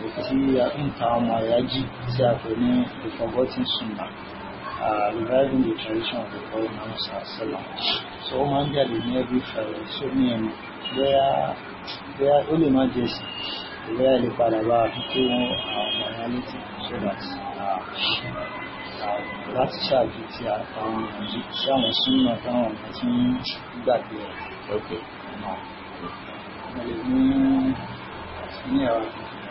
tí a fi ń ta ọmọ ẹ̀yà jì tí a pè ní the forgotten sunnah uh, reviving the tradition of the Prophet Muhammad sallam so ó máa ń jáde ní every Friday so ní ẹnu bóyá bóyá ó lè má jẹ sí bóyá ilé padà bá fi wọn ọmọ ẹ̀yà létí so that láti ṣáàjú tí a àwọn ọmọdé tí àwọn súnmọ́ táwọn ọmọ tí ń gbàgbé rẹ̀ ọ̀gbẹ́ náà. Mo lè ní ní ẹ̀rọ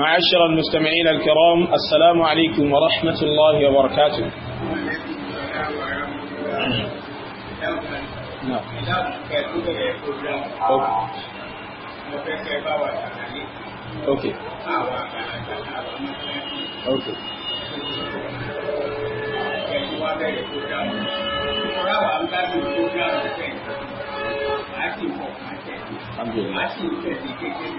معاشر المستمعين الكرام السلام عليكم ورحمة الله وبركاته نعم. اوكي اوكي الحمد نعم. لله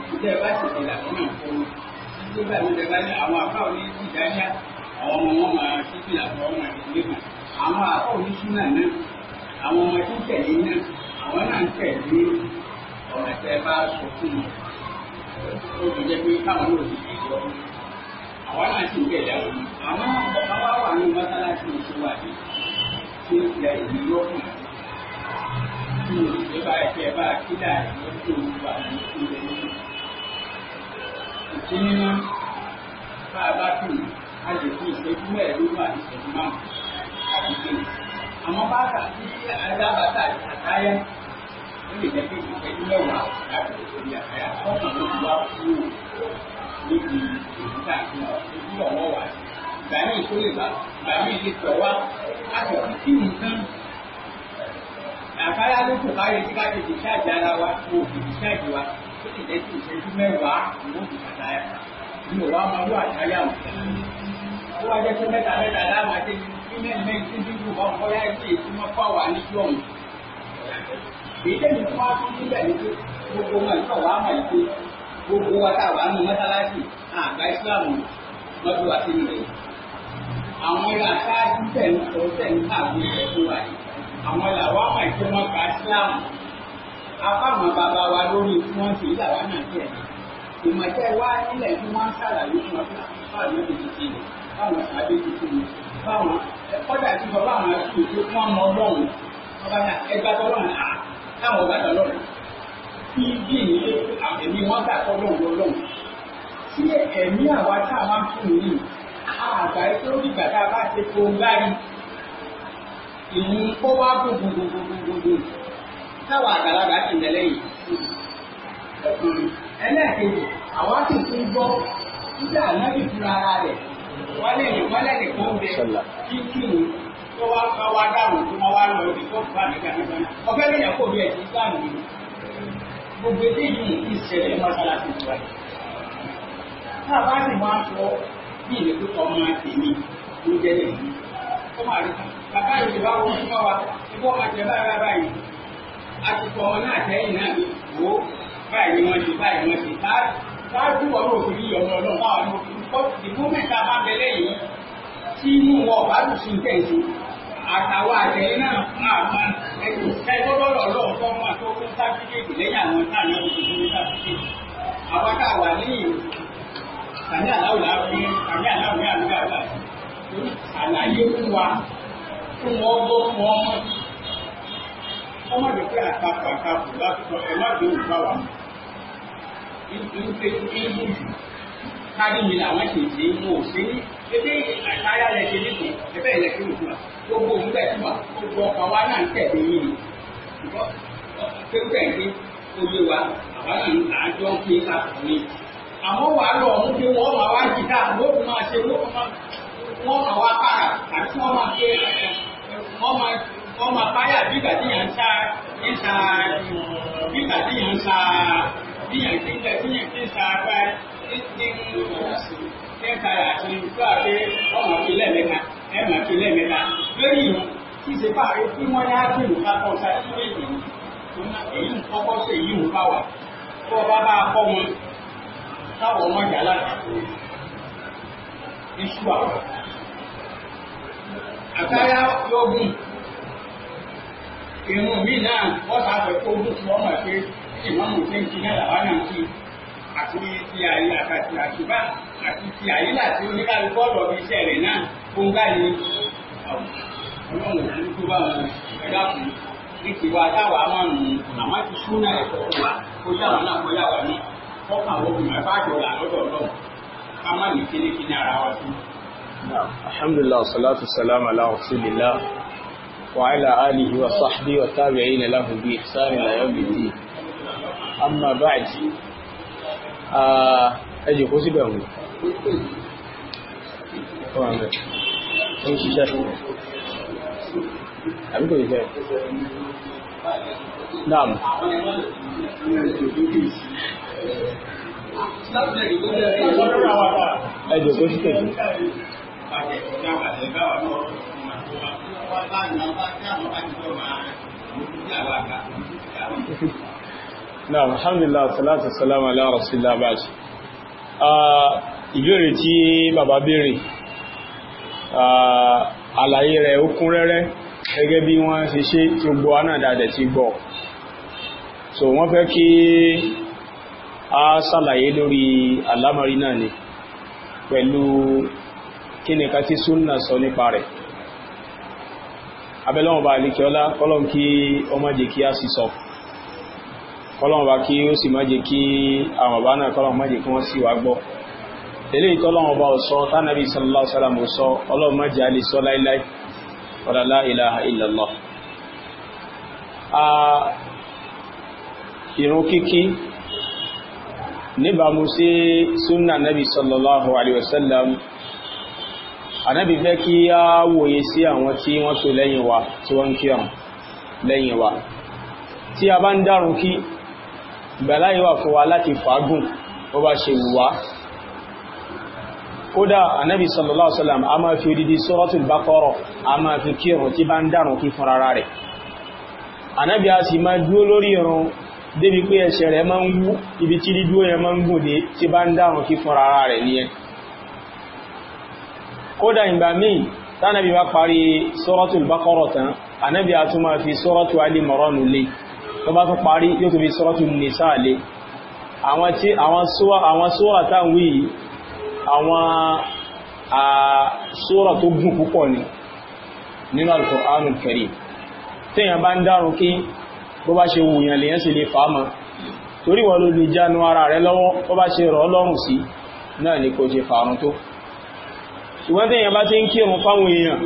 ìdí ẹ̀ bá ti di làkúnà fún un nígbà mi lè bá ní àwọn àbá òní sí ìdájá àwọn ọmọ wọn máa ti fi àtọ̀ ọmọ ìdílé kan àwọn àbá òní súnà náà àwọn ọmọ tí ń tẹ̀lé náà àwọn náà ń tẹ̀lé ọ̀rọ̀ tẹ́ bá sọ fún wọn ó ti jẹ́ pé káwọn náà ti fi ìjọ àwọn náà ti ń tẹ̀lé àwọn ọ̀pá wà wà ní mọ́sálásí oṣù wà ní tí ó ti ẹ̀yìn lọ́kùn tí ó ti bá ẹ̀fẹ́ bá kídà ìlọ́kùn wà ní ìlú sí mímọ́ bá a bá kì í a lè fi ìṣẹ́jú mẹ́ẹ̀ẹ́dógún àti ìṣẹ́jú márùn-ún láti kì í. Àmọ́ bá kà sí alábàtà àtàyà ó lè jẹ́ pé ìṣẹ́jú mẹ́wàá láti lè fi àtàyà sọ́kàn ló ti wá kúrò níbi èyí tá a fi hàn ojú ọ̀wọ́ wà. Ìgbà míì tó lè bá ìgbà míì lè tọ̀ wá láti fi kí nìkan àtàyà ló kò bá yẹ kí ká tètè ṣáàjì ara wa kò tètè ó sì lé sí ìṣẹ́jú mẹ́wàá ìwọ́n ti bàtà ẹ̀ ní òwá máa àtàyà wò. ó wá jẹ́ pé mẹ́ta mẹ́ta láwọn àti ní mẹ́rin mẹ́rin tí dídú bá ń kọ́yá ẹ̀sìn èyí mọ́ fáwà níjú ọ̀hún. èyí tẹ̀lé fún wa tún níbẹ̀ ni pé gbogbo wọn ìtọ̀ wá mọ̀ ìpè gbogbo wa tá a wà nù mọ́sálásì àgbà ìsìlámù lọ́dún wa sínú rẹ̀. àwọn ilé àṣáájú tẹ̀ ń sọ tẹ̀ ń kà àwọn ìṣẹ̀fún wa yìí àwọn ilé àwọn àmọ̀ ìpè wọn kà ìsìlámù afáwọn bàbá wa lórí tí wọ́n ṣe ìlàwá náà jẹ́ ìmọ̀jẹ́ wá nílẹ̀ tí wọ́n ń ṣàlàyé fún ọ̀sán báwọn ti ti ṣe báwọn ṣàbẹ̀ ti ṣe báwọn kọ́dà tí wọ́n bá wọn ṣe pé wọ́n mọ ọlọ́run ọba náà ẹgbà tọ́lọ́run à táwọn ọba tọ́lọ́run kí bí ìnílé àmì wọn gbà tọ́lọ́run ọlọ́run tí ẹ̀mí àwa tá a máa fún yìí àgbà tó dìgbà tá a bá ṣe tó ń gbárí wá gbogbogbogbogbò táwọn àgbàlagbà ti tẹ̀lé yìí. ẹlẹ́ẹ̀kejì àwọn sì tún gbọ́ nígbà náà bí ara rẹ̀ wọ́n lè wọ́n lè nìkan bẹ kí kí ni tó wá bá wá dáhùn tó máa wá lọ ibi tó bá mi gbàgbé gbàgbé ọ̀fẹ́ lè yàn kó bí ẹ̀sìn Islam ni gbogbo èdè yìí ti ṣẹlẹ̀ mọ́ṣáláṣí ìwà yìí. bá sì máa sọ bí ìrètò ọmọ tèmi ló jẹ́ lẹ́yìn tó máa rí bàbá yìí wá fún wa ẹgbẹ́ ọmọ jẹ báyìí báyìí àtìkọ náà sẹ́yìn náà mi wò báyìí ni wọ́n ṣe báyìí wọ́n ṣe bá ṣáájú wọn ò fi rí ọ̀rọ̀ náà báwọn ọmọ òfin kọ́ ìbú mẹ́ta bá bẹ lẹ́yìn tí inú wọn ọ̀bá tù sí tẹ̀sí àtàwọn àtẹ̀yìn náà máa máa ẹ̀sìn ẹgbẹ́ bọ́lọ̀ ọlọ́run tó máa tó fún sáfíkèèdì lẹ́yìn àwọn táà náà tó fún sáfíkèèdì àwọn táà wà tàbí aláwòrán fi tàbí aláwòrán àlùkò àgbà àlàyé fún wa fún wọn gbọ́ fún ọmọ tí kọ́ má jẹ́ pé àtakò láti sọ ẹ̀ má dé òkúta wà mọ́. ìlú jù kárí mi làwọn ṣe ṣe ń wò sí ní ebí àtàrà lẹ ṣe nípò ẹ̀bẹ̀ ilẹ̀ kí ló fún gbogbo òun bẹ́ẹ̀ fún gbogbo ọkàn wa náà ń tẹ̀lé yín ni pépè ní wa àwa náà àjọ ń pè ká fún mi. àmọ́ wà á lọ ọ̀hún pé wọ́n máa wá jìdá ló fún máa ṣe wọ́n máa wá para àti wọ́n máa ṣe wọ́n máa wọ́n máa páyà bí ìgbà tí yàn ń sa ń bí ìgbà tí yàn ń sa bí yàn ti ń bẹ̀ tí yàn ti ń sa apá ní ti ń ní àti ọmọ fi lẹ́ẹ̀mẹ́ta ẹ̀mọ̀ fi lẹ́ẹ̀mẹ́ta lórí ìwọ̀n tí ṣe bá rí pé wọ́n yá sí ìwòká kan sa sí méjì èyí ń kọ́kọ́ sí èyí ń bá wà tó ọba bá kọ́ wọn táwọn ọmọ ìyá láti iṣu àwọn. Àtàyà yóò gùn irun míì náà wọ́n sábẹ̀ kó ojú tí wọ́n mọ̀ pé ìmọ̀mù ṣe ń kí làwọn náà ń kí àti ti àyè àkàtì àṣùbà àti ti àyè láti oníkálukú ọ̀rọ̀ bíi iṣẹ́ rẹ̀ náà gbóngá ni ọlọ́run òkú tó bá wọn ẹ̀dá kù ní tiwa táwa máa nù àmọ́ ti sún náà ẹ̀kọ́ wa kó táwa náà kó yà wá ní ọkàn wọn kò má bá ká má ní kélékélé ara wa sí. alhamdulilah salatu salam ala rasulillah. وعلى آله وصحبه وتابعين له بإحسان إلى يوم الدين أما بعد أجي قوسي بأولي نعم أجي قوسي بأولي Náà, alhamdulillah, salatu salama, ala rasulillah bá ṣe. Ìbéèrè tí bàbá béèrè, àlàyé rẹ̀ ó kún rẹ́rẹ́ gẹ́gẹ́ bí wọ́n ṣe ṣe tí ó gbọ́ anádàdẹ̀ ti gbọ́. So, wọ́n fẹ́ kí a ṣàlàyé lórí àlámọ̀rí náà ni, pẹ̀lú kí tí súnnà sọ nípa rẹ̀ abẹ́lọ́wọ̀n bá alékẹ́ ọlá kọ́lọ̀n kí ó má jẹ́ kí a sì sọ kọ́lọ̀n bá kí ó sì má jẹ́ kí àwọn bá náà kọ́lọ̀n má jẹ́ kí wọ́n sì wá gbọ́ ilé ìtọ́lọ́wọ̀n bá sọ tánàbí sallallahu alaihi wasallam sọ ọlọ́run má ànábì fẹ́ kí á wòye sí àwọn tí wọ́n tó lẹ́yìn wa tí wọ́n ń kírun lẹ́yìn wa tí a bá ń dárun kí ìgbàláyé wà fún wa láti fàágùn ó bá ṣe wùwá kódà ànábì sallallahu alaihi wasallam a máa fi odidi suratul baqara a máa fi kírun débi pé ẹsẹ̀ rẹ̀ máa ń wú ibi tí dídúó yẹn máa ń gùn dé tí bá ń dárun kí fún rárá rẹ̀ nìyẹn kódà ìgbà míì tánàbí bá parí suratul Baqara tán ànábì fi suratu Ali Imran lé tó bá tún parí yóò tún fi suratu Nisa lé àwọn tí àwọn sóra táwọn yìí àwọn sóra tó gùn púpọ̀ ni nínú Al-Qur'anul Karim téèyàn bá ń dárun kí bó bá ṣe wùyàn lèyàn sì náà ni kò ṣe fàárun tó ṣùgbọ́n tí èyàn bá ti ń kírun fáwọn èèyàn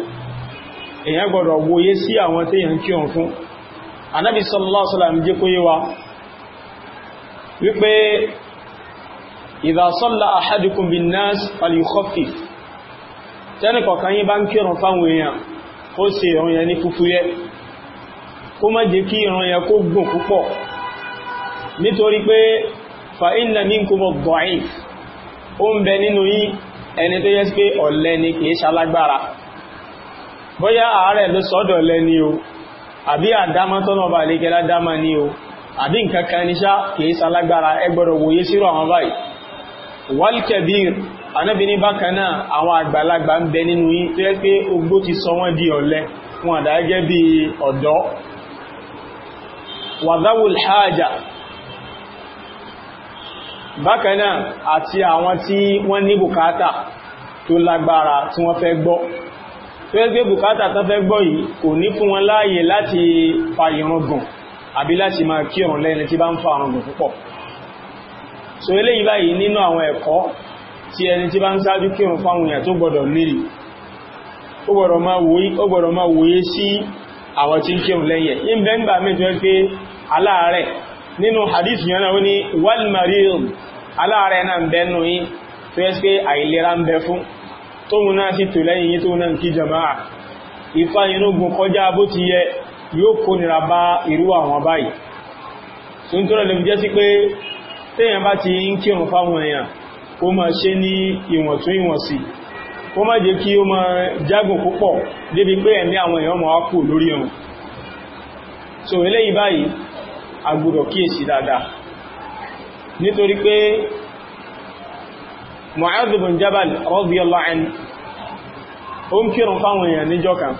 èyàn gbọ́dọ̀ wòye sí àwọn tí èyàn kírun fún anábi sallallahu alaihi wasallam jẹ́ kó yé wa wípé idha salla ahadukum bin nas falyukhaffif tẹ́nì kọ̀kan yí bá ń kírun fáwọn èèyàn ó ṣe ìrun yẹn ní fúfúyẹ́ kó má jẹ́ nítorí pé fa inna minkum ad-da'if ó ń bẹ nínú yín ẹni tó yẹ sí pé ọ̀lẹ ni kìí ṣalágbára bóyá ààrẹ ló sọ́dọ̀ ni o àbí àdámá tọ́nà ọba àlékẹ́lá dámá ni o àbí nǹkan kan ní kìí ṣalágbára ẹ wòye sírò àwọn báyìí wal-kabir bákan náà àwọn àgbàlagbà ń bẹ nínú yín tó yẹ pé ogbó ti sọ wọ́n di haja bákanáà àti àwọn tí wọ́n ní bùkátà tó lágbára tí wọ́n fẹ́ gbọ́ tó yẹ pé bùkátà tán fẹ́ gbọ́ yìí kò ní fún wọn láàyè láti fa ìrun gùn àbí láti máa kí ọ̀run lẹ́ni tí bá ń fa ìrun gùn púpọ̀ so eléyìí báyìí nínú àwọn ẹ̀kọ́ tí ẹni tí bá ń ṣáájú kírun fáwọn èèyàn tó gbọ́dọ̀ nílì ó gbọ́dọ̀ máa wòye sí àwọn tí ń kírun lẹ́yìn ẹ̀ ń bẹ́ńgbà mẹ́jọ pé aláàárẹ̀ nínú hadith yẹn náà ó ní wal marid aláàrẹ náà ń bẹ nù yí tó yẹ pé àìlera ń bẹ fún tóun náà sì tò lẹ́yìn yí tóun náà ń kí jama'a ìfà inúgun kọjá bó ti yẹ yóò kó nira bá irú àwọn báyìí tó ń tọ́rọ jẹ́ sí pé téèyàn bá ti ń kírun fáwọn èèyàn kó máa ṣe ní ìwọ̀ntún ìwọ̀nsì kó jẹ́ kí ó máa jágùn púpọ̀ débi pé ẹ̀mí àwọn èèyàn máa kù lórí ọ̀run so eléyìí báyìí agbúrò kíyèsí dáadáa nítorí pé Mu'adh bin Jabal radiyallahu anhu ó ń kírun fáwọn èèyàn níjọ́ kan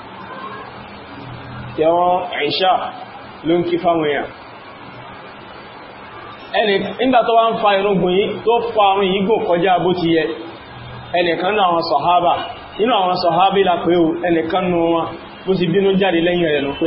tẹ́wọ́n Isha ló ń kí fáwọn èèyàn ẹni nígbà tó wá ń fa irúgbìn yìí tó fa àrùn yìí kọjá bó ti yẹ ẹnìkan nínú àwọn sọ̀hábà nínú àwọn sọ̀hábà ìlàpẹ́ ẹnìkan nínú wọn bó ti bínú jáde lẹ́yìn pé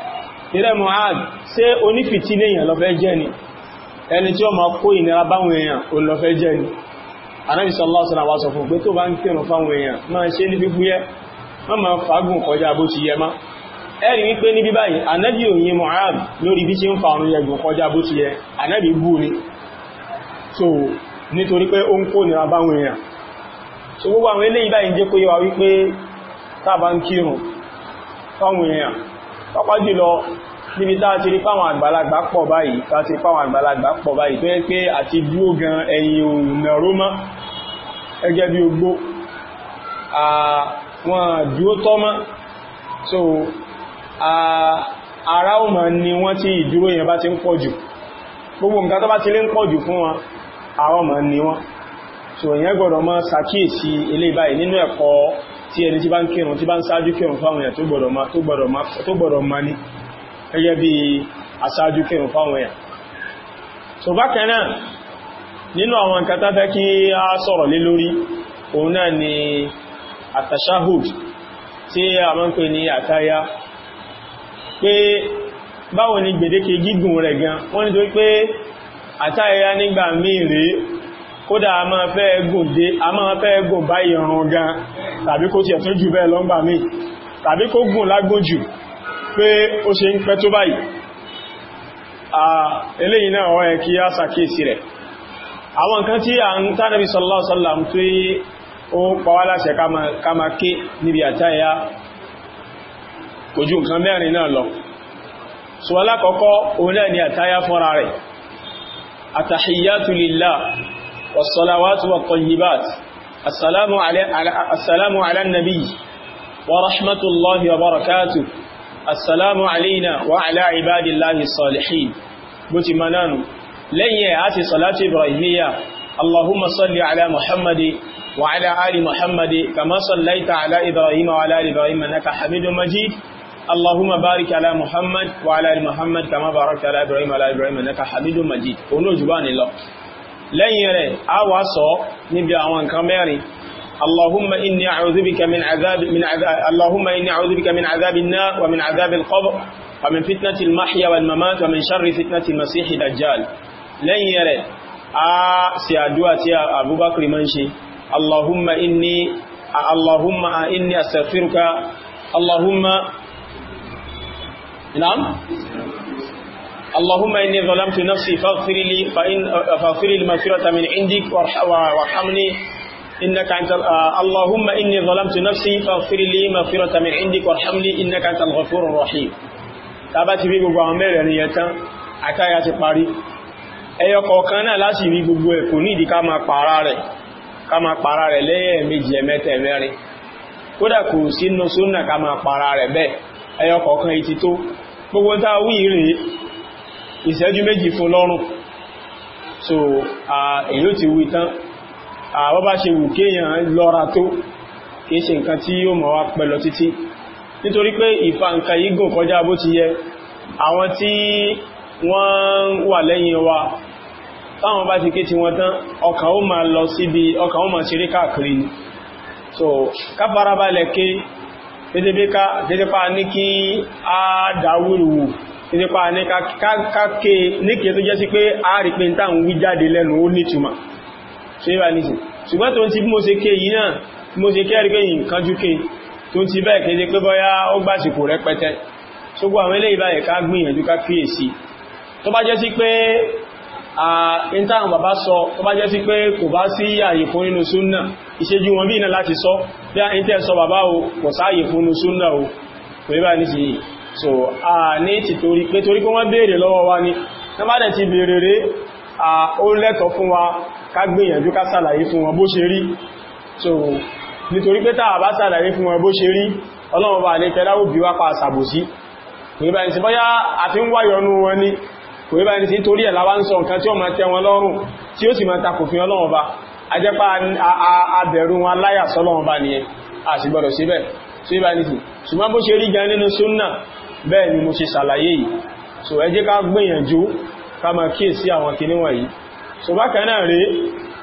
ìrẹ́ Mu'ad ṣé onífìtí léèyàn lọ fẹ́ jẹ́ ni ẹni tí ó ma kó ìnira báwọn èèyàn ò lọ fẹ́ jẹ́ ni Ànábì sallallahu alaihi wasallam sọ fún pé tó bá ń kírun fáwọn èèyàn ma ṣe ní fífúyẹ́ wọ́n máa fagùn kọjá bó ti yẹ má ẹ̀rí wípé ní bí báyìí Ànábì òyìn lórí bí ṣe ń kọjá bó ti yẹ so pàápàá jùlọ níbi tá a ti rí fáwọn àgbàlagbà pọ̀ báyìí tá a ti rí fáwọn àgbàlagbà pọ̀ báyìí tó yẹ pé àti dúró gan ẹ̀yìn òòrùn rómọ́ gẹ́gẹ́ bí ogbó wọn dúró tọ́mọ́ so ara ó mọ̀ ni wọ́n tí ìdúró yẹn bá ti ń pọ̀ jù gbogbo nǹkan tó bá ti lé ń pọ̀ jù fún wọn ara ó mọ̀ ni wọ́n so èèyàn gbọ́dọ̀ mọ́ ṣàkíyèsí eléyìí báyìí nínú ẹ̀kọ́ tí ẹni tí bá ń kírun tí bá ń sáájú kírun fáwọn èèyàn tó gbọ́dọ̀ ma ní gẹ́gẹ́ bí asáájú kírun fáwọn èèyàn so bákan náà nínú àwọn nǹkan tá kí a sọ̀rọ̀ lé lórí òun náà ni àtàṣáhùd tí a máa ń pè ní àtáyá pé báwo ni gbèdéke gígùn rẹ̀ gan wọ́n nítorí pé àtáyá nígbà míì rèé kódà a máa fẹ́ gòdé a máa fẹ́ gò bá ìrun gan tàbí kó tiẹ̀ tún jù bẹ́ẹ̀ lọ́ngbà míì tàbí kó gùn lágùn jù pé ó ṣe ń pẹ́ tó báyìí eléyìí náà ó yẹ kí a ṣàkíyèsí rẹ̀ àwọn nǹkan tí a ń tánàbí sallallahu alaihi wasallam tó yí ó pàwà والصلوات والطيبات السلام على السلام على النبي ورحمة الله وبركاته السلام علينا وعلى عباد الله الصالحين بوتي منانو لن يأتي صلاة إبراهيمية اللهم صل على محمد وعلى آل محمد كما صليت على إبراهيم وعلى آل إبراهيم أنك حميد مجيد اللهم بارك على محمد وعلى آل محمد كما باركت على إبراهيم وعلى آل إبراهيم أنك حميد مجيد ونجبان الله lẹ́yìn rẹ̀ a wá sọ níbi àwọn nǹkan mẹ́rin اللهم إني أعوذ بك من عذاب من عذاب اللهم إني أعوذ بك من عذاب النار ومن عذاب القبر ومن فتنة المحيا والممات ومن شر فتنة المسيح الدجال لن يرى آه سيادوا سيا أبو بكر منشي اللهم إني اللهم إني أستغفرك اللهم نعم اللهم إني ظلمت نفسي فاغفر لي فإن فاغفر لي المغفرة من عندك وارحمني إنك أنت اللهم إني ظلمت نفسي فاغفر لي مغفرة من عندك وارحمني إنك أنت الغفور الرحيم tabati bi gbogbo àwọn mẹ́rẹ̀ ni ẹ̀tán àkáyà ti parí ẹyọ kọ̀ọ̀kan náà láti rí gbogbo ẹ̀ kò ní ìdí ká máa pààrà rẹ̀ ká máa pààrà rẹ̀ lẹ́ẹ̀mejì ẹ̀mẹ́tẹ̀ mẹ́rin kódà kò sínú súnnà ká máa pààrà rẹ̀ bẹ́ẹ̀ ẹyọ kọ̀ọ̀kan ìtító gbogbo táa wí rèé ìṣẹ́jú méjì fún lọ́rùn so èyí ó ti wù tán àwọn bá ṣe wù kéèyàn lọ́ra tó kìí ṣe nǹkan tí yóò mọ̀ wá pẹ̀lọ títí nítorí pé ìfà nǹkan yìí gùn kọjá bó ti yẹ àwọn tí wọ́n wà lẹ́yìn wa táwọn bá ti ké ti wọn tán ọkàn ó máa lọ síbi ọkàn ó máa ṣeré káàkiri ni so ká farabalẹ̀ ké dédébé ká dédébá ní kí á dáwúrúwù nípa ní káké níkè tó jẹ́ sí pé a rí pé tá ń wí jáde lẹ́nu ó nítumà ṣe bá nìsìn ṣùgbọ́n tó ń ti bí mo ṣe ké yìí náà mo ṣe kẹ́rí pé nǹkan jú ké tó ń ti bẹ́ẹ̀ kéde pé bọ́yá ó gbàsìkò rẹpẹtẹ ṣógbó àwọn eléyìí báyìí ká gbìyànjú ká kíyèsí tó bá jẹ́ sí pé ìṣẹ́jú wọn bí iná láti sọ bí a ń tẹ́ sọ bàbá o kò sáàyè fún nínú súnnà o pẹ̀lú bá ní sí yìí so a ní ti torí pé torí pé wọ́n béèrè lọ́wọ́ wa ni wọ́n bá dẹ̀ ti béèrè rẹ̀ a ó lẹ́tọ̀ fún wa ká gbìyànjú ká sàlàyé fún wọn bó ṣe rí so nítorí pé tá a bá sàlàyé fún wọn bó ṣe rí ọlọ́run bá lè tẹ́lá òbí wá pa àsàbòsí kò yíba ní sí bọ́yá àfi ń wáyọnú wọn ní kò yíba ní sí torí ẹ̀ láwá ṣùgbọ́n bó ṣe rí gan nínú súnnà bẹ́ẹ̀ ni mo ṣe ṣàlàyé yìí so ẹ jẹ́ ká gbìyànjú ká máa kíyèsí àwọn kinní wọ̀nyí so bákan náà rí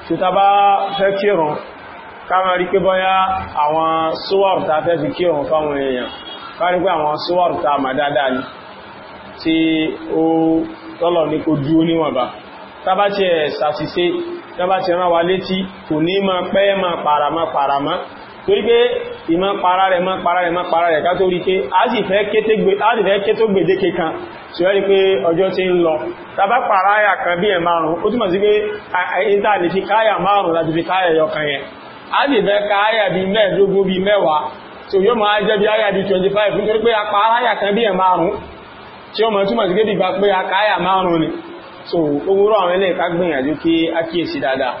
tí ta bá fẹ́ kírun ká máa rí pé bọ́yá àwọn súwárù ta fẹ́ fi kírun fáwọn èèyàn ká rí pé àwọn súwárù ta mà dáadáa ni tí ó tọ́lọ̀ ní kó dúó níwọ̀nba tá bá ti ẹ̀ ṣàṣìṣe tá bá ti rán wa létí kò ní máa pẹ́ máa pàràmọ́ pàràmọ́ torí pé ìmọ̀ para rẹ̀ mọ́ para rẹ̀ mọ́ para rẹ̀ ká tó rí pé a sì fẹ́ ké tó gbèdéke kan tí ó rí pé ọjọ́ tí ń lọ tàbá para àyà kan bí ẹ̀ márùn ó túnmọ̀ sí pé ìta lè fi káyà márùn láti fi káyà yọkan yẹn a sì fẹ́ káyà bí mẹ́ẹ̀dógún bí mẹ́wàá tí ó yóò máa jẹ́ bí àyà bí 25 nítorí pé apá àyà kan bí ẹ̀ márùn tí ó mọ̀ túnmọ̀ sí pé ìgbà pé a káyà márùn ni so owó rọ̀ àwọn ilé ìkágbìyànjú kí a kíyèsí dáadáa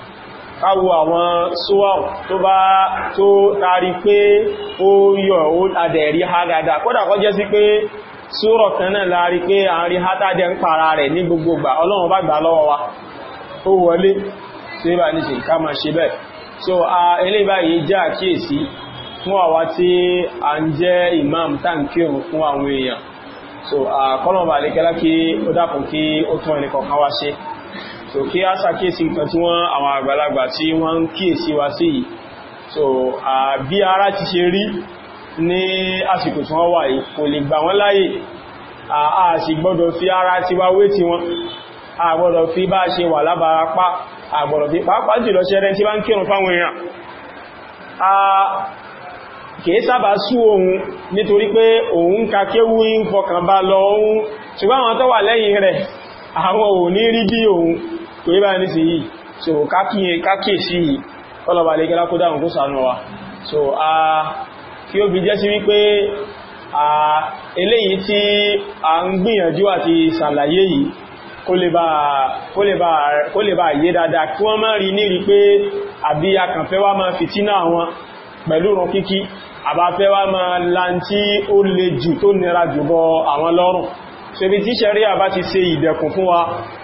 káwò àwọn sówàwò tó bá tó tari pé ó yọ ó adẹ̀rí ha dada kódà kọ́ jẹ́ sí pé sóòrọ̀ kan náà láàrí pé àárín hátàdẹ ń para rẹ̀ ní gbogbogbà ọlọ́run bá gbà lọ́wọ́ wa so a ilé báyìí jẹ́ àkíyèsí imam tankirun fún àwọn so a kọ́lọ̀ bà lè kẹ́lá kí ó dákùn kí ó tún so kí a sàkíyèsí nǹkan tí wọ́n àwọn àgbàlagbà tí wọ́n ń kíyèsí wa sí yìí so àbí ara ti ṣe rí ní àsìkò tí wọ́n wà yìí kò lè gbà wọ́n láyè a sì gbọ́dọ̀ fi ara ti wá wé ti wọn a gbọ́dọ̀ fi bá ṣe wà lábára pa a gbọ́dọ̀ fi pàápàá jùlọ ṣẹ́rẹ́ tí bá ń a kìí sábà sú ohun nítorí pé òun ka kéwú ń fọkàn bá lọ ohun ṣùgbọ́n àwọn tó àwọn ò ní rí bí òun kò yí bá ní sí yìí so kákíyè sí yìí ọlọ́bà lè gẹ́lá kó dáhùn kó sànú wa so a kí ó bí jẹ́ sí wípé a eléyìí tí a ń gbìyànjú àti sàlàyé yìí kó lè bá yé dáadáa kí wọ́n má rí ní rí pé àbí akànfẹ́ wá máa fìtínà wọn pẹ̀lú ràn kíkí àbáfẹ́ wá máa lantí ó le jù tó nira jù àwọn lọ́rùn ṣebí tí ṣẹ̀ríà bá ti ṣe ìdẹ̀kùn fún wa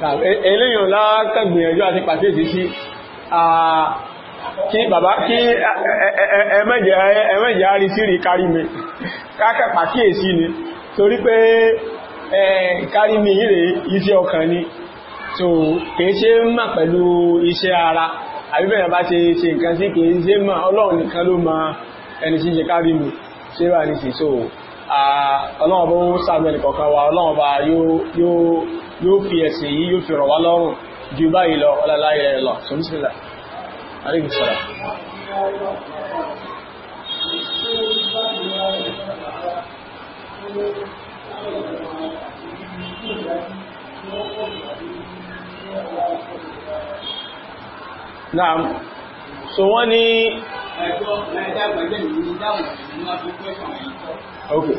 E- eléyìn lákàgbìyànjú àti pàtíyèsí sí kí bàbá kí ẹmẹ́jẹ̀ àrí sírí kárí mi káàkà pàtíyèsí ni torí pé kárí mi yìí rẹ̀ iṣẹ́ ọkàn ni so kìí ṣe mọ̀ pẹ̀lú iṣẹ́ ara àbíbẹ̀rẹ̀ bá ṣe ṣe nǹkan sí kìí ṣe mọ̀ ọlọ́run nìkan ló ma ẹni ṣíṣe kárí mi ṣe wà ní sí so ọlọ́run bó sàbẹ̀ nìkọ̀ọ̀kan wa ọlọ́run bá yóò yóò fi ẹ̀sìn yìí yóò fi rọ̀ wá lọ́rùn ju báyìí lọ ọláláyẹ lọ sọ́mísílẹ̀ àríkìsọ́lá Naam, so wọ́n ní Okay.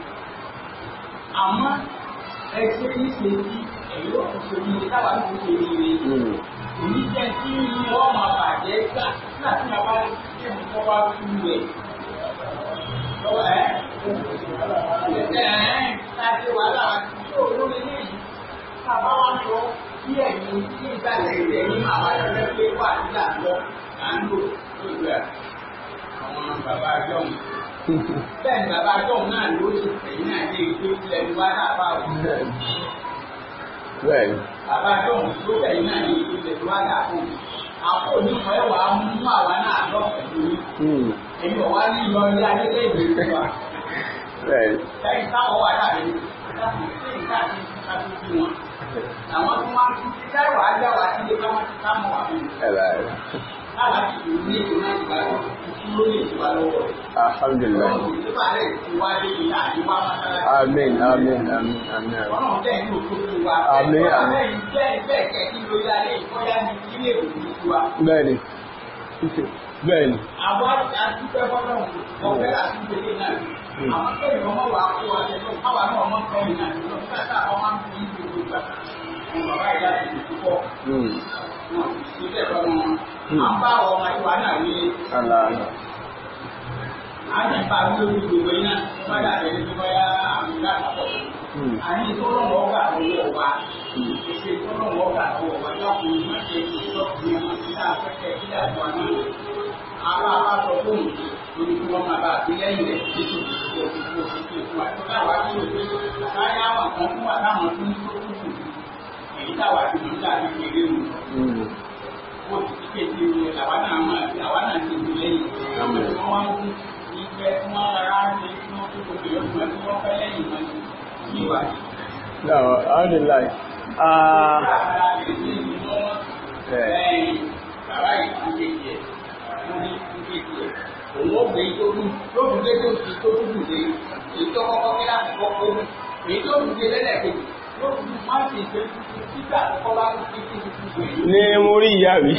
àmọ́ ẹ ṣe ṣe bí ẹ̀yọ́ ọ̀ṣọ́ ní táwa tó ṣe ní ilé èyí jẹ́ kí wọ́n máa bàjẹ́ gbà nígbà tí bàbá ṣe ń kọ́ wá fún rẹ̀. ẹ̀ ẹ̀ ẹ̀ wàhálà tí olórí ní èyí bàbá wa sọ kí ẹ̀yìn sí ìgbàlẹ̀ ìrẹ̀yìn àwọn ẹ̀rọ pé wà nígbà lọ à ń lò lójú bàbá àjọhùn bẹ́ẹ̀ ni bàbá àjọhùn náà ló sì tẹ̀yìn náà dé tilẹ̀ ní wá náà bá bàbá àjọhùn ló tẹ̀yìn náà dé tilẹ̀ ní wá náà bá wù. àpò onímọ̀ ẹ̀wà mú àwa náà lọ pẹ̀lú yìí. Hmm. èmi ò wá ní ìlọ ilé ayé lé ìwé fún wa. bẹ́ẹ̀ni. lẹ́yìn táwọn wà dàbí lẹ́yìn káàkiri káàkiri wọn àwọn tó máa ń tún ti dá ìwà alhamdulilayi amen amen amen amen amen amen bẹ́ẹ̀ni bẹ́ẹ̀ni. àwọn àtúntẹ̀ fọ́nà ọ̀fẹ́ náà àwọn tó ìwọ́n mọ̀ wá fún ọ̀sẹ̀ tó káwá náà mọ̀ kẹ́yìn náà lọ́sọ̀tà ọmọ àti ìdìbò gbà ilé ẹ̀kọ́ wọn. a bá ọmọ ìwà náà ní. a ti bá a lórí gbogbo iná báyà rẹ̀ ní báyà àmì lápapọ̀. àní ìtọ́lọ́wọ́ ọ̀gá àtọwọ́ wa. ìṣe ìtọ́lọ́wọ́ ọ̀gá àtọwọ́ wa láti má ṣe ìṣọ́kùnrin àwọn tí a fẹ́ kẹ́ kí àjọ àná. àwọn abáṣọ fóònù lórí kí wọ́n máa bá àgbé lẹ́yìn rẹ̀ nítorí ìṣòro ìṣòro ìṣòro àti táwa ti ní sáà ti kéré mu. Mo ti ti kéde wo làwa náà máa fi àwa náà ti di lẹ́yìn. Wọ́n wá ń kú ìgbẹ́ tí wọ́n rárá ṣe tí wọ́n tó kò bèrè fún ẹ tí wọ́n fẹ́ lẹ́yìn wọn ní ìwà. No, I only like. Uh, Bàbá yìí ti kéde ẹ̀, mo ní ti kéde ẹ̀. Òun ó gbé e tó ló fi gbé e tó dùn tó dùn dé. Èyí kí láti kọ́kọ́, ní mo rí ìyá rí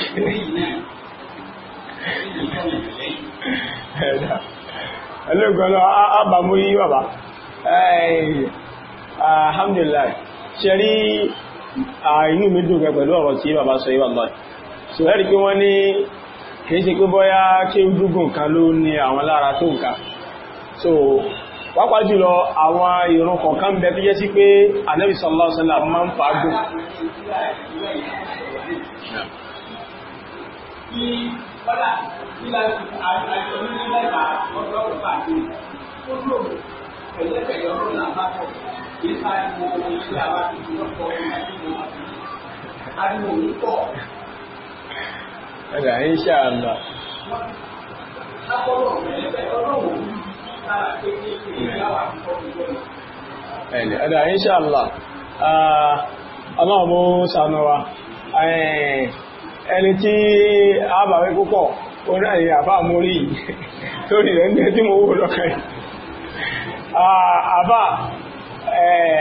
ẹlẹ́gbẹ̀ẹ́lọ àbà mú yí bàbá alhamdulillah ṣe rí inú mi dùn pẹ̀lú ọ̀rọ̀ tí bàbá sọ yíwà lọ́ì so ẹ́rì pé wọ́n ní kìí ṣe pé bọ́yá kí ó dúgùn kan ló ní àwọn lára tó nǹkan so pápá jùlọ àwọn ìrun kọ̀ọ̀kan bẹ tó jẹ́ sí pé Ànábì sallallahu alaihi wasallam máa ń fàágùn Ẹgbẹ̀rẹ̀ ń àmà. Akọ́lọ̀ ọ̀rẹ́ ọlọ́run ẹni ẹ̀dà inṣàlá ọlọ́ọ̀bọ̀ sànúwa ẹni tí a bà wí púpọ̀ ó náà àbá mórí lórí rẹ̀ ní tí mo wó lọ́kẹ́ àbá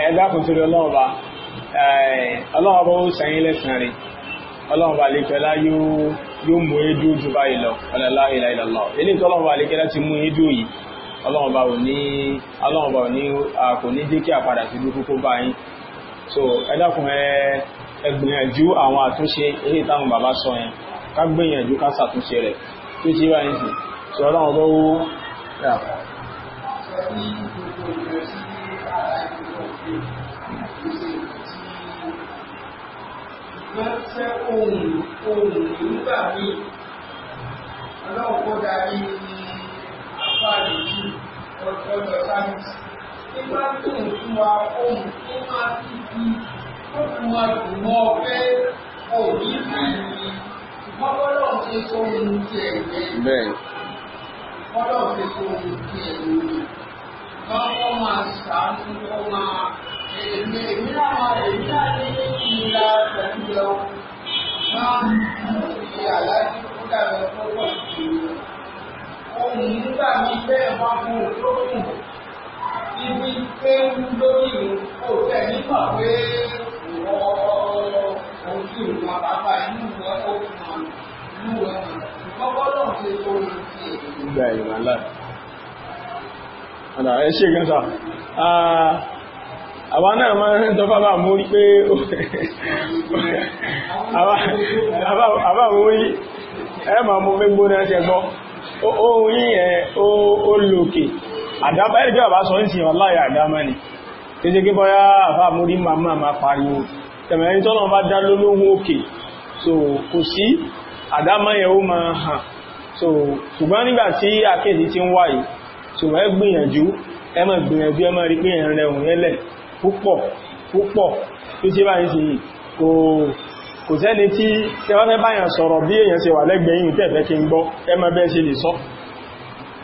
ẹ̀dàkùn tó lọ́ọ̀bá ọlọ́ọ̀bọ̀ sàyín lẹ́sàn rí ọlọ́ọ̀bà lè yóò mú jù báyìí lọ ọlọ́ọ̀bá ò ní ọlọ́ọ̀bá ò ní kò ní jẹ́ kí àpadà sí burúkú kó bá yín so ẹ dákun ẹ gbìyànjú àwọn àtúnṣe èyí táwọn bàbá sọ yẹn ká gbìyànjú ká ṣàtúnṣe rẹ̀ tó ti wá yín sí so ọlọ́run tó wú ọlọ́run kó darí àǹfààní ju ọjọ́ sáyẹ́ǹsì. Nígbà tó ń fún wa ohun tó máa ti di tó fún wa dùn mọ́ ọ òní rí ni ṣe tó ń ti ẹ̀gbẹ́. Bẹ́ẹ̀ni. ṣe tó ń ti ẹ̀gbẹ́ ni. Báwo máa ṣàánú kó máa èmi èmi náà èmi náà ní ìlà pẹ̀lú ẹ̀ máa ń fi àlájú kó dàbẹ̀ fọ́pọ̀ ìṣòro òun nígbà mi fẹ́ wọn mú olókùn ibi pé ń lórí kò tẹ̀ nígbà pé ìwọ ojú ìwà bàbá inú rẹ̀ ó mọ̀ inú rẹ̀ mọ̀ kọ́kọ́rọ́ ṣe tó ń ṣe ìgbà ìwà láì. Àdà ẹ ṣe gan sá, àwa náà máa ń tọ́ bàbá mú rí pé àbá mú rí ẹ máa mú fẹ́ gbóná ṣe gbọ́ ohun yíyẹn ó lòkè àdámá ẹ̀rẹ́jọ́ àbá sọ ń sìn ọláyà àdámá ni tó jẹ́ gẹ́ bọ́yá àfá múrí màmá ma pariwo tẹ̀mẹ̀rin tọ́nà bá dá lólóhun òkè so kò sí àdámá yẹn ó máa hàn so ṣùgbọ́n nígbà tí àkéèsí ti ń wáyé so ẹ gbìyànjú ẹ máa gbìyànjú ẹ máa rí pé ẹ̀rẹ̀ òun yẹlẹ̀ púpọ̀ púpọ̀ tó ṣe báyìí sí kò kò sẹ́ni tí tẹwàfẹ́ báyàn sọ̀rọ̀ bí èyàn ṣe wà lẹ́gbẹ̀ẹ́yìn tẹ́ẹ̀fẹ́ kí ń gbọ́ ẹmọ bẹ́ẹ̀ ṣe lè sọ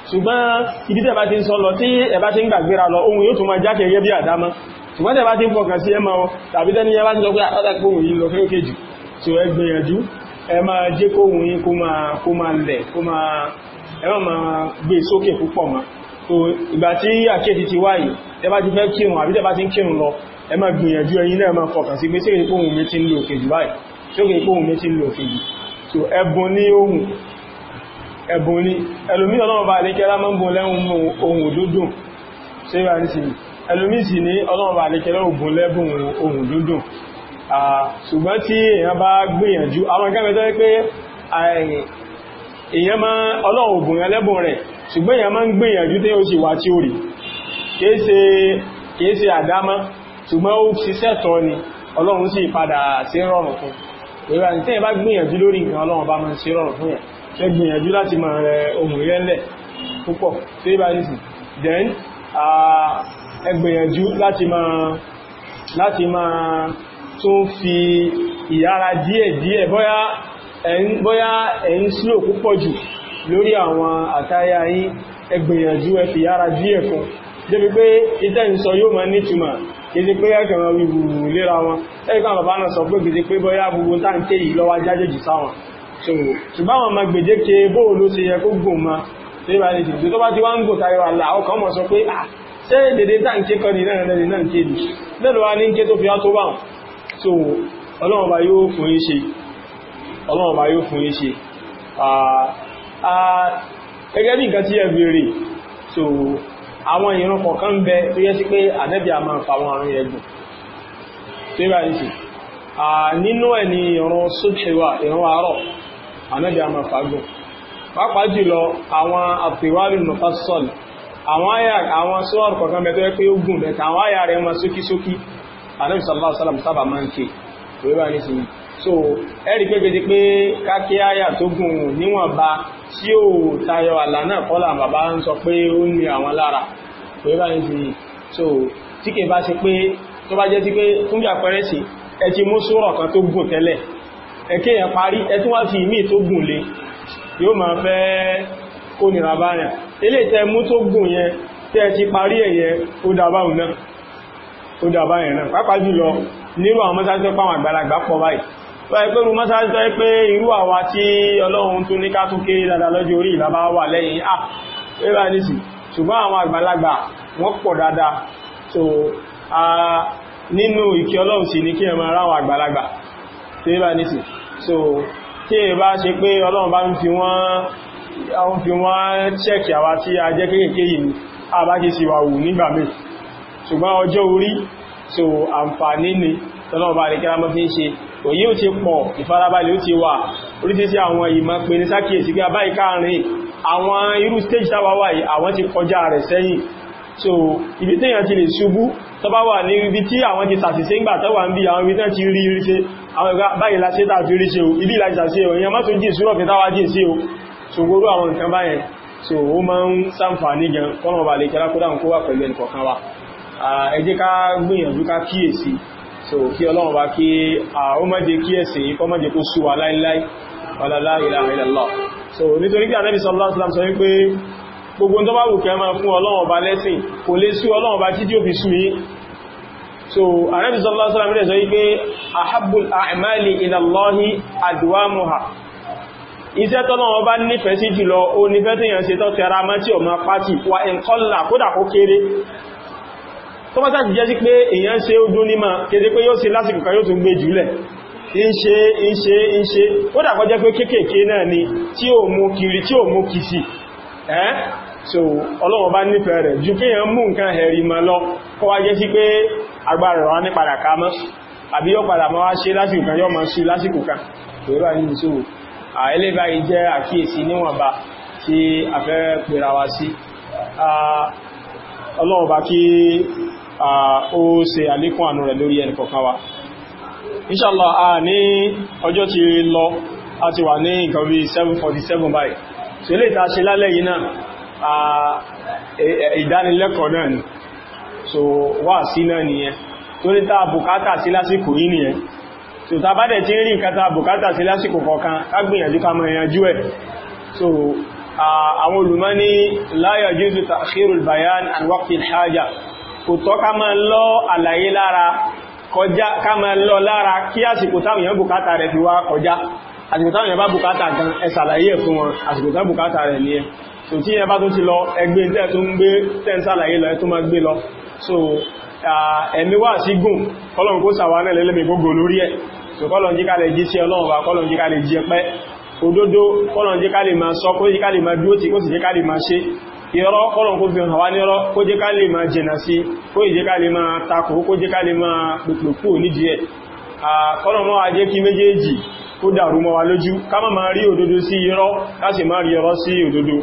ṣùgbọ́n ibi tẹ́ẹ̀bá ti ń sọ lọ tí ẹ̀bá ti ń gbàgbéra lọ ohun yóò tún máa jákè gẹ́gẹ́ bí àdámọ́ ṣùgbọ́n tẹ́ẹ̀bá ti ń fọkàn sí ẹmọ tàbí tẹ́ni ẹbá ti sọ pé ah, àpátákóhùn yìí lọ ẹ máa gbìyànjú ẹ̀yin náà máa fọkàn sí pé tí ìpòhùn mi ti ń lò kejì báyìí tí ìpòhùn mi ti ń lò kejì so ẹbùn ní ohun ẹbùn ní ẹlòmí ọlọ́run bá àlékẹ́lá máa ń bùn lẹ́hùn ohun dúndùn ṣe bá ní sí ẹlòmí sì ní ọlọ́run bá àlékẹ́lá ògùn lẹ́bùn ohun dúndùn ṣùgbọ́n tí èèyàn bá gbìyànjú àwọn gẹ́gẹ́ tó pé èèyàn máa ọlọ́run ògùn ẹlẹ́bùn rẹ̀ ṣùgbọ́n èèyàn máa ń gbìyànjú tí ó sì wá tí ó rí kìí ṣe àdámọ́ ṣùgbọ́n ó ṣiṣẹ́ tọ́ ni ọlọ́run sì padà sí rọrùn fún ìrọ̀ àti tẹ́yìn bá gbìyànjú lórí nǹkan ọlọ́run bá máa ń sí rọrùn fún yẹn ṣe gbìyànjú láti máa rẹ ohun rẹ̀ púpọ̀ tó yí ní sí then ẹ gbìyànjú láti máa láti máa tún fi ìyára díẹ̀ díẹ̀ bóyá bóyá ẹ̀ ń slow púpọ̀ jù lórí àwọn àtáyà yín ẹ gbìyànjú ẹ fi ìyára díẹ̀ fún débi pé ìtẹ́ ìsọ yóò máa nítumọ̀ kìí pé ẹ̀kẹ̀ wọn wíwú lera wọn ẹ̀kọ́ bàbá náà sọ pé kìí pé bọ́yá gbogbo táǹkì yìí lọ́wọ́ jájèjì sáwọn ṣùgbọ́n àwọn ọmọ gbèdéke bóò ló ṣe yẹ kó gùn ma lébà lè dìbò tó bá ti wá ń gò tayọ àlà ọkọ̀ ọmọ sọ pé ah, à ṣé dèdè táǹkì kan ní náà lẹ́ni náà kéèdì lẹ́nu wa ní ké tó fi á tó báwọn so ọlọ́run bá yóò fún yín ṣe ọlọ́run bá yóò fún yín ṣe ah, ah, gẹ́gẹ́ bí nǹkan tí ẹ béèrè so àwọn ìrun kọ̀ọ̀kan bẹ tó yẹ sí pé ànẹ́bì àmà ń fa àwọn àrùn ẹgbùn tó yẹ báyìí sí nínú ẹ̀ ni ìrun sókèwà ìrun àárọ̀ ànẹ́bì àmà fagùn pàápàá jùlọ àwọn àtìwárì nùfàsọ́l àwọn àyà àwọn sọ́ọ̀rù kọ̀ọ̀kan bẹ tó yẹ pé ó gùn bẹ̀ẹ̀ àwọn àyà rẹ̀ wọn sókísókí ànẹ́bì sàlá sàlám so ẹ̀rí pé gidi pé kákí àyà tó gùn níwọ̀nba tí ò tayọ àlà náà kọ́là bàbá ń sọ pé ó ní àwọn lára pé bá ní ti so tí kì bá ṣe pé tó bá jẹ́ sí pé fún bí àpẹẹrẹ sí ẹ ti mú sóòrọ̀ kan tó gùn tẹ́lẹ̀ ẹ̀kẹ́ yẹn parí ẹ tún wá fi ìmí tó gùn lé yóò máa fẹ́ kó nira báyàn ilé tẹ mú tó náà pápá jùlọ nírú àwọn mọ́sáṣẹ́ páwọn àgbàlagbà pọ̀ báyìí tó ẹgbẹ́ rú mọ́sáájú tó ẹgbẹ́ irú àwa tí ọlọ́run tún ní ká tún kéré dáadáa lọ́jọ́ orí ìlàbá wà lẹ́yìn à ẹgbẹ́ àdìsí ṣùgbọ́n àwọn àgbàlagbà wọ́n pọ̀ dáadáa tó a nínú ìkẹ́ ọlọ́run sì ní kí ẹ máa ráwọn so tí ẹ bá ṣe pé ọlọ́run bá ń fi wọ́n fi wọ́n ṣẹ́kì àwa tí a jẹ́ kéékèèké yìí so àǹfààní ni tọ́lọ́run bá rí òyí ó ti pọ̀ ìfarabalẹ̀ ó ti wà oríṣiríṣi àwọn ìmọ̀ pẹ̀lú sákìyèsí pé abáyé káàrin àwọn irú stage táwa wà yìí àwọn ti kọjá rẹ̀ sẹ́yìn so ibi téèyàn ti lè ṣubú tó bá wà ní ibi tí àwọn ti sàṣìṣe ń gbà tó wà ń bí àwọn ibi tán ti rí rí ṣe àwọn ìgbà báyìí láṣẹ́ tà fi rí o ibi ìlàjì sàṣe o ìyẹn má tó jìn súrọ̀ fẹ́ta sí o ṣògbórú àwọn nǹkan báyẹn so ó máa ń ṣàǹfààní gan kọ́nà ọba lè kẹ́lá kó dáhùn kó wà pẹ̀lú ẹnìkọ̀ọ̀kan wa ẹ ká gbìyànjú ká kíyèsí so kí ọlọ́run bá kí ó má jẹ́ kí ẹ̀sìn yìí kó má jẹ́ kó sú wa láíláí so nítorí kí Ànábì sallallahu alaihi wasallam sọ wípé gbogbo tó bá wù kẹ́ máa fún ọlọ́run ọba lẹ́sìn kò lè sú so Ànábì sallallahu alaihi wasallam sọ wípé ahabbul a'mali ila Allahi adwamuha iṣẹ́ tọ́lọ́wọ́ bá nífẹ̀ẹ́ sí jùlọ ó nífẹ́ tí yàn ṣe tọ́ tẹ́ra mọ́ tí tó bá tàbí jẹ́ sí pé èyàn ṣe ó dún níma kéde pé yóò ṣe lásìkò kan yóò tún gbé jùlẹ̀ ń ṣe ń ó dàkọ́ jẹ́ pé kéékèèké náà ni tí ó mú kiri tí ó mú kìsì ẹ́ so ọlọ́wọ́ bá nífẹ̀ẹ́ rẹ̀ ju kéèyàn mú nǹkan ẹ̀rì ma lọ kọ́ wá jẹ́ sí pé agbára rọ̀ wá ní padà ká mọ́ àbí yọ́ padà máa a fẹ́ kí ó ṣe àlékún àánú rẹ̀ lórí ẹnì kọ̀ọ̀kan wa inshallah a ní ọjọ́ ti lọ a ti wà ní nǹkan bí 747 báyìí tí ilé ìta ṣe lálẹ́ yìí náà e, e, ìdánilẹ́kọ̀ọ́ náà ni so wà sí náà nìyẹn tó ní táà bùkátà sí lásìkò yìí nìyẹn so tàbá dẹ̀ tí ń rí nǹkan táà bùkátà sí lásìkò kọ̀ọ̀kan ká gbìyànjú ká máa yanjú ẹ̀ so àwọn olùmọ́ ní la yajuzu ta'khirul bayan an waqtil haja kò tọ́ ká máa lọ àlàyé lára kọjá ká máa lọ lára kí àsìkò táwọn èèyàn bùkátà rẹ̀ fi wá kọjá àsìkò táwọn èèyàn bá bùkátà gan ẹ ṣàlàyé fún wọn àsìkò táwọn bùkátà rẹ̀ ní ẹ so tí èèyàn bá tó ti lọ ẹgbẹ́ tẹ́ tó ń gbé tẹ́ ń ṣàlàyé lọ ẹ tó máa gbé lọ so ẹ̀mí wà sí gùn kọ́lọ̀n kó sàwà náà lẹ́lẹ́mì gbogbo lórí ẹ̀ so kọ́lọ̀n jíká lè jí sí ọlọ́run wa kọ́lọ̀n jíká lè jí ẹpẹ́ òdodo kọ́lọ̀n jíká lè máa sọ kó jíká lè máa dúó tí kó sì jíká lè máa ṣe irọ́ kọ́lọ̀n kó fi hàn wá nírọ́ kó jẹ́ ká lè máa jìnà sí kó ìjẹ́ ká lè máa takò kó jẹ́ ká lè máa pèpèpò nídìí ẹ̀ kọ́lọ̀n mọ́ ajé kí méjèèjì kó dàrú mọ́ wa lójú ká má máa rí òdodo sí irọ́ ká sì máa rí irọ́ sí òdodo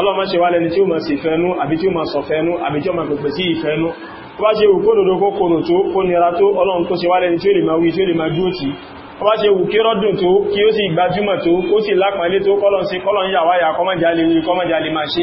ọlọ́mọ ṣe wá lẹni tí ó máa sì fẹ́nu àbí tí ó máa sọ̀fẹ́nu àbí tí ó máa pèpè sí ìfẹ́nu tó bá ṣe wù kó dodo kí rọ́dùn tó kí ó sì gbajúmọ̀ tó kó sì lápàálé tó kọ́lọ̀ sí kọ́lọ̀ ń yà wáyà kọ́mọ̀jálè wí kọ́mọ̀jálè máa ṣe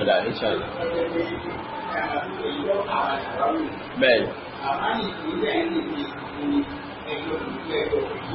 ọ̀dà ìṣàlẹ̀ bẹ́ẹ̀